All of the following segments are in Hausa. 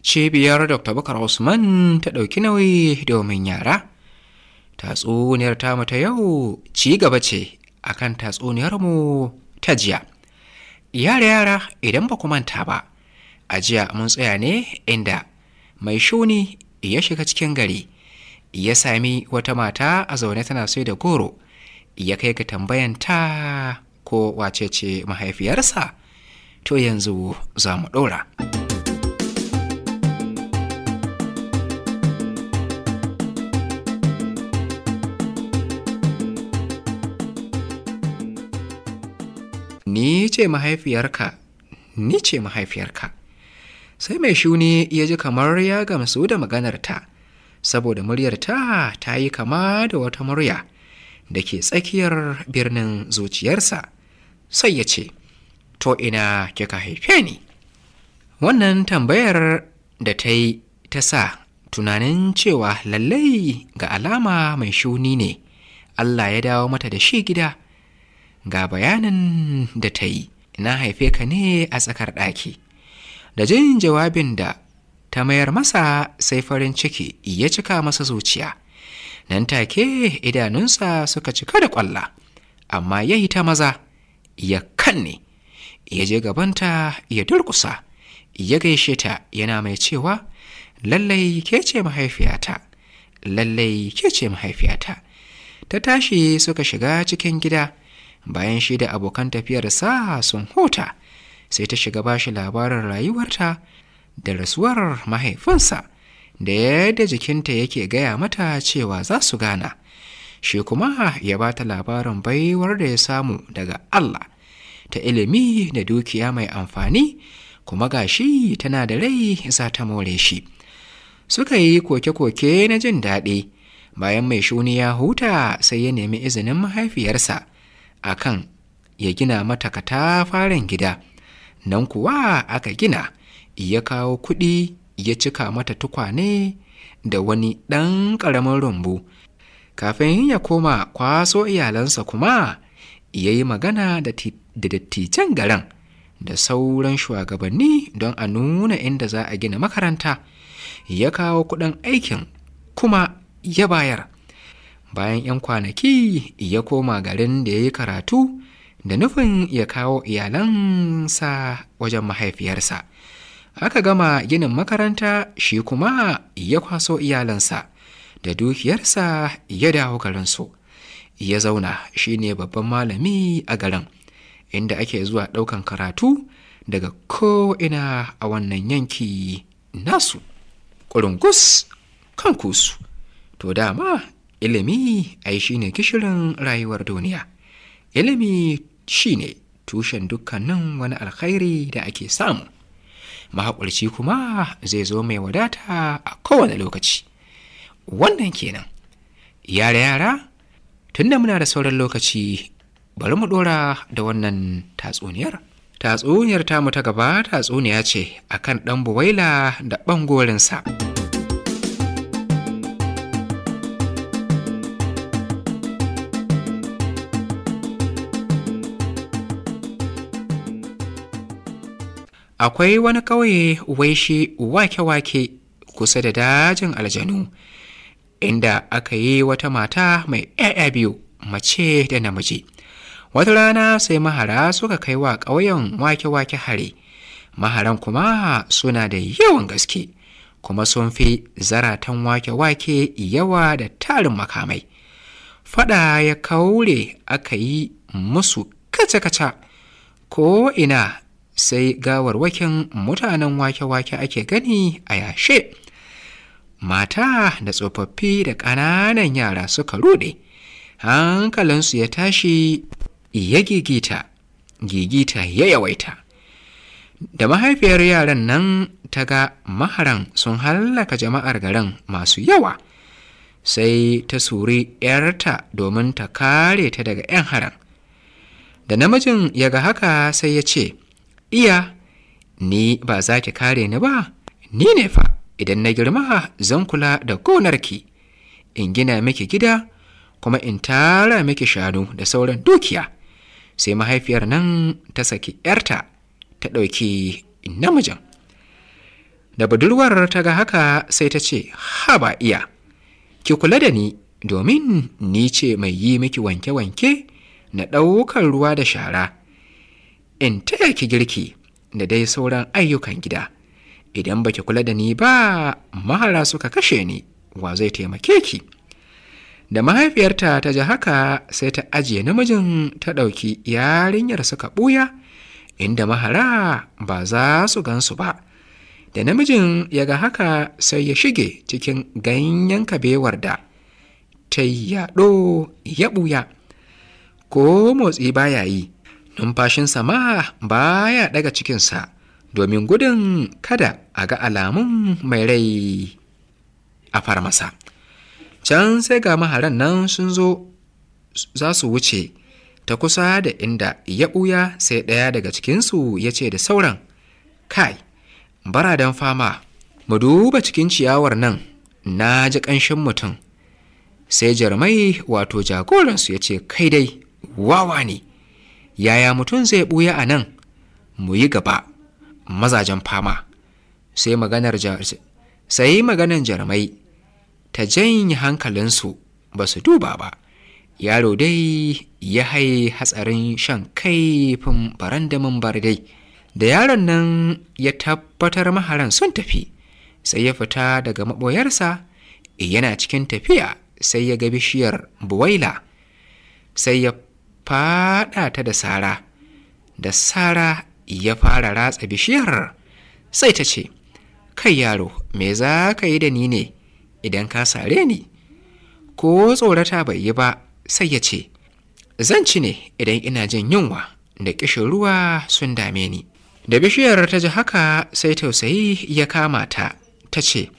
cibiyar dr bakar usman ta ɗauki nauyi domin yara tatsuniyar tamu ta yau ci gaba ce akan tatsuniyarmu ta jiya yara yara idan ba ku manta ba a jiya mun tsaya ne inda mai shuni ya shiga cikin gari ya sami wata mata a zaune tana sai da goro ya kai ga tambayanta ko wacece mahaifiyarsa to yanzu za mu ɗora. ce mahaifiyarka ni ce mahaifiyarka sai mai shuni ya ji kamar ya gamsu da maganarta saboda muryarta ta yi kama da wata murya da ke tsakiyar birnin zuciyarsa sai ya ce to ina kika haife ni wannan tambayar da ta yi ta sa tunanin cewa lallai ga alama mai shuni ne allah ya dawo mata da shi gida ga bayanin da ta yi na haife ka ne a tsakar ɗaki da jin jawabin da ta mayar masa sai farin ciki ya cika masa zuciya nan take idanunsa suka cika da ƙwalla amma ya yi ta maza ya kan ne ya je gabanta ya durƙusa ya gaishe ta yana mai cewa lallai ke ce mahaifiyata lallai ke ce mahaifiyata ta tashi suka shiga cikin gida bayan shi da abokan tafiyarsa sun huta sai ta shiga bashi labarin rayuwarta da rasuwar mahaifinsa da yadda jikinta yake gaya mata cewa za su gana shi kuma ya ba ta labarin baiwar da ya samu daga Allah ta ilimi da dukiya mai amfani kuma ga gashi tana da rai za ta more shi suka yi koke-koke na jin daɗi bayan mai shuni ya huta sai ya nemi izinin mahaifiyarsa a kan ya gina mata katafaren gida nan kuwa aka gina ya kawo kuɗi ya cika mata tukwane da wani ɗan ƙaramin rumbu kafin ya koma kwaso iyalansa kuma ya yi magana da dattijan garin da sauran shugabanni don a nuna inda za a gina makaranta ya kawo kuɗin aikin kuma ya bayar bayan 'yan kwanaki ya koma garin da ya yi karatu da nufin ya kawo iyalansa wajen mahaifiyarsa aka gama ginin makaranta shi kuma ya kwaso iyalansa da dukiyarsa ya dawo garinsu ya zauna shi ne babban malami a garin inda ake zuwa ɗaukan karatu daga ko'ina a wannan yanki nasu ƙurungus kan kusu to dama ilimi ai shine gishirin rayuwar duniya ilimi shine tushen dukkanin wani alkhairi da ake samu mahaƙulci kuma zai zo mai wadata a kowane lokaci wannan kenan yara yara tunda muna da sauran lokaci bari mu ɗora da wannan tatsuniyar tatsuniyar tamu ta gaba tatsuniya ce akan ɗan buwaila da ɓangorinsa. akwai wani ƙauye waishi wake-wake kusa da dajin aljanu inda aka yi wata mata mai 'ya'ya biyu mace da namiji wata rana sai mahara suka kai wa ƙauyen wake-wake hare maharan kuma suna da yawan gaske kuma sun fi zaratan wake-wake yawa da tarin makamai fada ya kaure aka yi musu kaca-kaca ko ina sai gawarwakin mutanen wake-wake ake gani a yashe mata da tsofaffi da ƙananan yara suka rude, hankalinsu ya tashi ya gigita gigita ya yawaita da mahaifiyar yaran nan ta ga maharan sun hallaka jama'ar garin masu yawa sai ta suri 'yarta domin ta kare ta daga 'yan haran da namijin ya ga haka sai ya ce iya ni ba za ki kare ni ba ni ne fa idan na girma zan kula da gonarki in gina miki gida kuma in tara miki shanu da sauran dukiya sai mahaifiyar nan ta saki ‘yarta ta ɗauki namijin da budurwar ta ga haka sai ta ce ha, ba iya ki kula da ni domin ni ce mai yi miki wanke-wanke na ɗaukar ruwa da shara in taya ki girki da dai sauran ayyukan gida idan baki kula da ni ba mahara suka kashe ni wa zai taimake ki da mahaifiyarta ta ji haka sai ta ajiye namijin ta ɗauki yarinyar suka ɓuya inda mahara ba za su gansu ba da namijin ya ga haka sai ya shige cikin ganyen kabewar da ta yaɗo ya ɓuya ko motsi baya yi numfashinsa ma ba ya ɗaga cikinsa domin gudun kada a ga alamun mai rai a farmasa can sai ga maharan nan sun zo za su wuce ta kusa da inda ya ɓuya sai ɗaya daga cikinsu ya ce da sauran kai bara don fama mu duba cikin ciyawar nan na ji ƙanshin mutum sai jarmai wato jagoransu ya ce kai dai wawa ne yaya mutum zai ɓuya a nan mu yi gaba mazajen fama sai maganar sai maganar jarumai ta janye hankalinsu ba su duba ba yaro dai ya hai hatsarin shan kaifin barandamin bardai da yaron nan ya tabbatar maharan sun tafi sai ya fita daga maboyarsa, eh, yana cikin tafiya sai ya ga bishiyar buwaila sai ya faɗa ta da sara da sara ya fara ratsa bishiyar sai ta ce kai yaro me za ka yi da ni ne idan ka sare ni ko tsorata bai yi ba sai ya ce zan ci ne idan ina jin yunwa da ƙishin ruwa sun dame ni da bishiyar ta ji haka sai tausayi ya kama ta ta ce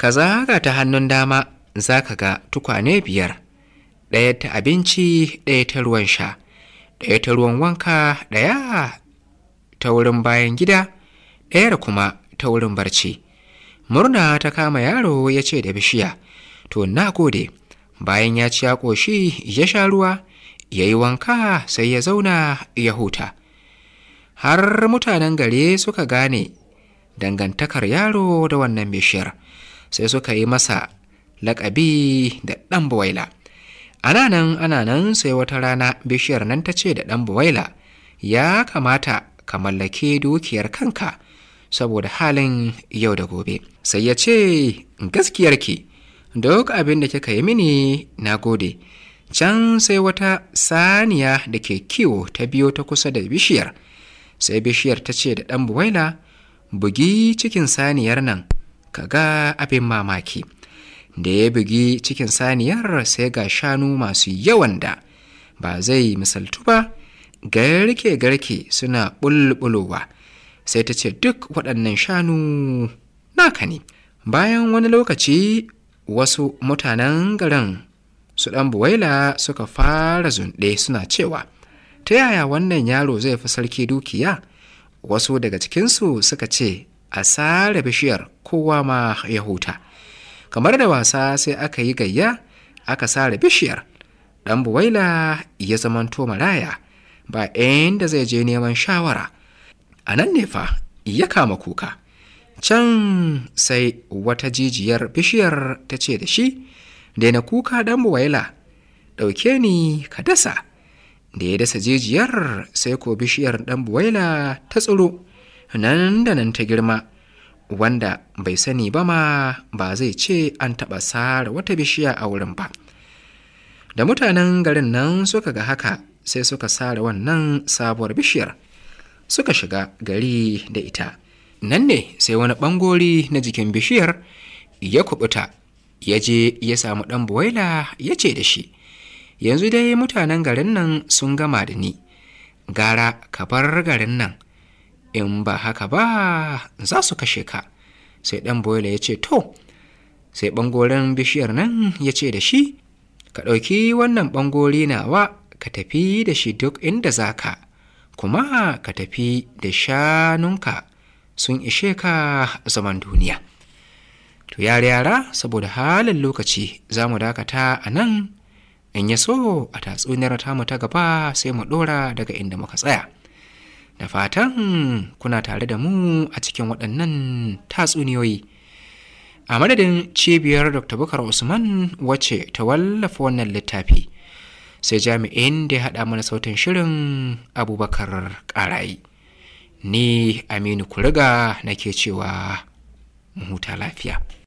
ka zaga ta hannun dama za ka ga tukwane biyar ɗaya ta abinci ɗaya ta ruwan sha ɗaya ta ruwan wanka ɗaya ta wurin bayan gida ɗaya da kuma ta wurin barci murna ta kama yaro ya ce da bishiya to na gode bayan ya ci ya ƙoshi ya sha ruwa ya yi wanka sai ya zauna ya huta har mutanen gare suka gane dangantakar yaro da wannan bishiyar sai suka yi masa laƙabi da ɗan bawaila ana nan ana nan sai wata rana bishiyar nan ta ce da ɗan buwaila ya kamata ka mallake dukiyar kanka saboda halin yau da gobe sai ya ce gaskiyarki duk abin da kika yi mini na gode can sai wata saniya da ke kiwo ta biyo ta kusa da bishiyar sai bishiyar ta ce da ɗan buwaila bugi cikin saniyar nan ka ga abin mamaki da ya bugi cikin saniyar sai ga shanu masu yawan da ba zai misaltu ba garke-garke suna bulbulowa sai ta ce duk waɗannan shanu naka ne bayan wani lokaci wasu mutanen garin su ɗan buwaila suka fara zunɗe suna cewa ta yaya wannan yaro zai fi sarki dukiya wasu daga cikinsu suka ce a sare bishiyar kowa ma ya huta kamar da wasa sai aka yi gayya aka sare bishiyar ɗan buwaila ya zamanto maraya ba inda zai je neman shawara a nan ne fa ya kama kuka can sai wata jijiyar bishiyar ta ce da shi daina kuka ɗan buwaila ɗauke ni ka dasa da ya dasa jijiyar sai ko bishiyar ɗan buwaila ta tsiro nan da nan ta girma wanda bai sani ba ma ba zai ce an taɓa sare wata bishiya a wurin ba da mutanen garin nan suka ga haka sai suka sare wannan sabuwar bishiyar suka shiga gari da ita nan ne sai wani ɓangori na jikin bishiyar ya kubuta ya je ya samu ɗan buwaila ya ce da shi yanzu dai mutanen garin nan sun gama da ni gara ka bar garin nan in ba haka ba za su kashe ka sai ɗan boyle ya ce to sai ɓangoren bishiyar nan ya ce da shi ka ɗauki wannan ɓangori nawa ka tafi da shi duk inda za ka kuma ka tafi da shanunka sun ishe ka zaman duniya to yare yara saboda halin lokaci za mu dakata a nan in ya so a tatsuniyar mu ta gaba sai mu ɗora daga inda muka tsaya da fatan kuna tare da mu a cikin waɗannan tatsuniyoyi a madadin cibiyar dr bukar usman wacce ta wallafa wannan littafi sai jami'in da ya haɗa mana sautin shirin abubakar ƙarayi ni aminu kuriga nake cewa mu huta lafiya